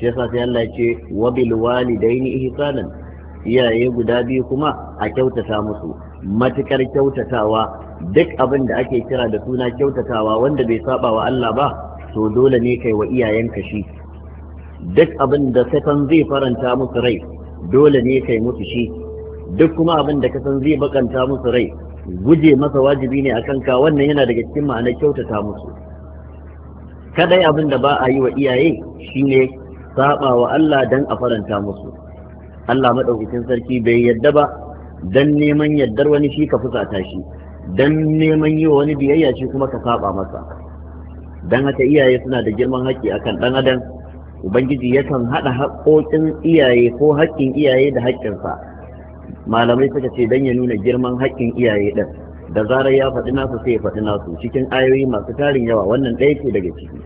shi sai Allah ya ce wa bil walidaini ihsanan iyaye guda biyu kuma a kyautata musu matukar kyautatawa duk abin da ake kira da suna kyautatawa wanda bai saba wa Allah ba to dole ne kai wa iyayenka shi duk abin da satan zai faranta musu rai dole ne kai musu shi duk kuma abin da ka san zai bakanta musu rai guje masa wajibi ne akan ka wannan yana daga cikin ma'anar kyautata musu kadai abin da ba a yi wa iyaye shine saba wa Allah dan a faranta musu Allah madaukakin sarki bai yadda ba dan neman yaddar wani shi ka fusata shi dan neman yi wani biyayya shi kuma ka saba masa dan haka iyaye suna da girman haƙƙi akan dan adam ubangiji yakan haɗa haƙoƙin iyaye ko haƙƙin iyaye da haƙƙinsa malamai suka ce dan ya nuna girman haƙƙin iyaye din da zarar ya faɗi nasu sai ya faɗi nasu cikin ayoyi masu tarin yawa wannan ɗaya ce daga ciki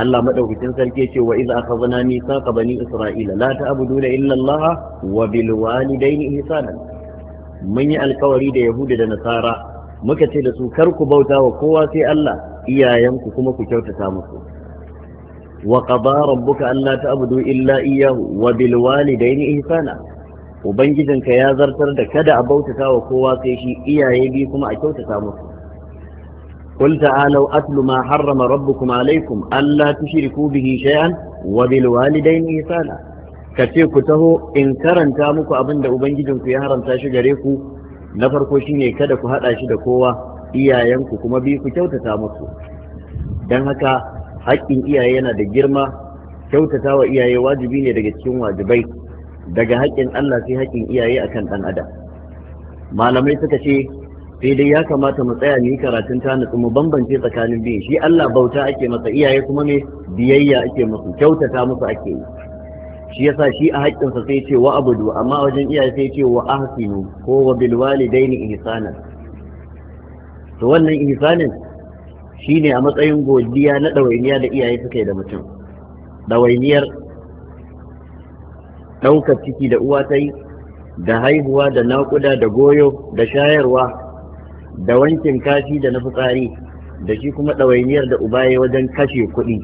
Allah madaukakin sarki ce wa iz akhadna mithaqa bani isra'ila la ta'buduna illa Allah wa bil walidayni ihsana mun yi alkawari da yahuda da nasara muka ce da su kar ku bauta wa kowa sai Allah iyayenku kuma ku kyautata musu wa qada rabbuka alla ta'budu illa iyyahu wa bil walidayni ihsana ubangijinka ya zartar da kada a bautata wa kowa sai shi iyaye bi kuma a kyautata musu قل تعالوا أتل ما حرم ربكم عليكم ألا تشركوا به شيئا na. إحسانا kace ku taho in karanta muku abin da ubangijinku ya haramta shi gare ku na farko shine kada ku haɗa shi da kowa iyayenku kuma bi ku kyautata musu don haka haƙƙin iyaye yana da girma kyautatawa iyaye wajibi ne daga cikin wajibai daga haƙƙin Allah sai haƙƙin iyaye akan ɗan adam malamai suka ce sai dai ya kamata mu tsaya ni karatun ta nutsu mu bambance tsakanin biyu shi Allah bauta ake masa iyaye kuma ne biyayya ake musu kyautata musu ake yi shi yasa shi a haƙƙinsa sai ce wa abudu amma wajen iyaye sai ce wa ahsinu ko wa bil walidaini ihsana to wannan ihsanin shine a matsayin godiya na ɗawainiya da iyaye suka yi da mutum ɗawainiyar ɗaukar ciki da uwa ta da haihuwa da naƙuda da goyo da shayarwa da wankin kashi da na fitsari da shi kuma ɗawainiyar da ubaye wajen kashe kuɗi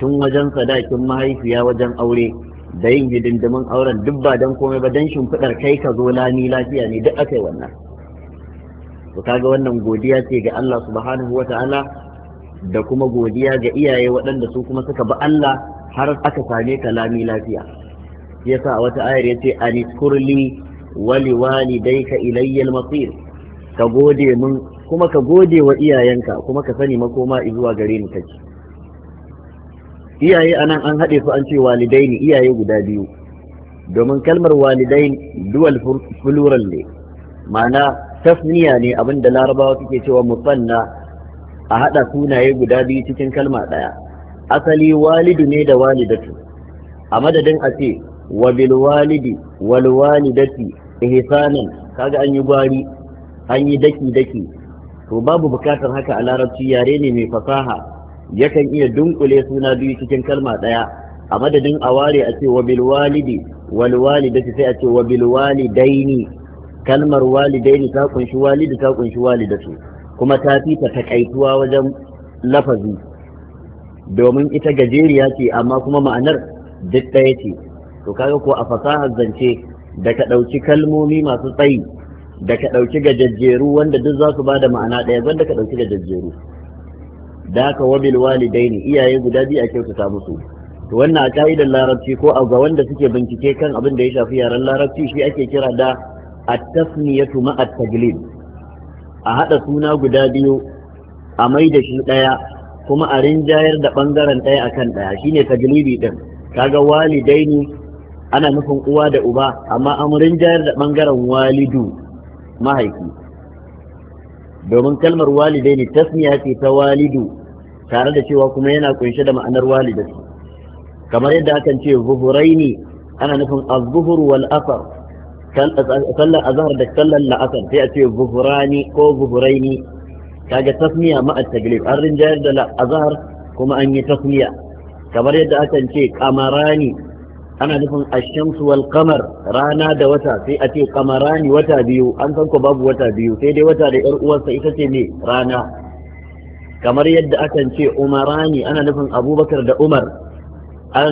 tun wajen sadakin mahaifiya wajen aure da yin hidindimin auren duk ba don komai ba don shimfiɗar kai ka zo lami lafiya ne duk aka yi wannan to kaga wannan godiya ce ga Allah subhanahu wa ta'ala da kuma godiya ga iyaye waɗanda su kuma suka bi Allah har aka same ka lami lafiya yasa a wata ayar yace aniskurli wali walidayka ilayyal masir ka gode mun kuma ka gode wa iyayenka kuma ka sani makoma zuwa gare ni kake iyaye anan an haɗe su an ce walidaini iyaye guda biyu domin kalmar walidain dual plural ne ma'ana tasniya ne abinda larabawa suke cewa musanna a haɗa sunaye guda biyu cikin kalma ɗaya asali walidu ne da walidatu a madadin a ce wa bil walidi wal walidati ihsanan kaga an yi gwari an yi daki-daki to babu bukatar haka a larabci yare ne mai fasaha yakan iya dunkule suna biyu cikin kalma ɗaya a madadin a ware a ce wa walidi sai a ce wa walidaini kalmar walidaini ta kunshi walidi ta kunshi walidatu kuma ta fi ta takaituwa wajen lafazi domin ita gajeriya ce amma kuma ma'anar duk ɗaya ce to kaga ko a fasahar zance da ka ɗauki kalmomi masu tsayi da ka ɗauki gajajjeru wanda duk za su ba da ma'ana ɗaya wanda ka ɗauki gajajjeru da ka wabil walidaini iyaye guda biyu a kyautata musu to wannan a ka'idar larabci ko a ga wanda suke bincike kan abin da ya shafi yaren larabci shi ake kira da a tasniyatu ma taglib a haɗa suna guda biyu a mai da shi ɗaya kuma a rinjayar da ɓangaren ɗaya akan ɗaya shine taglibi ɗin kaga walidaini ana nufin uwa da uba amma an rinjayar da ɓangaren walidu mahaifi domin kalmar walidai ne tasmiya ce ta walidu tare da cewa kuma yana kunshe da ma'anar walidati kamar yadda akan ce zuhuraini ana nufin az-zuhur wal asar sallar azhar da sallar la'asar sai a ce zuhurani ko zuhuraini kaga tasmiya ma'a taglib an rinjayar da azhar kuma an yi tasmiya kamar yadda akan ce kamarani ana nufin ashamsu wal kamar rana da wata sai a ce kamarani wata biyu an san ko babu wata biyu sai dai wata da yar uwarsa ita ce ne rana kamar yadda akan ce umarani ana nufin abubakar da umar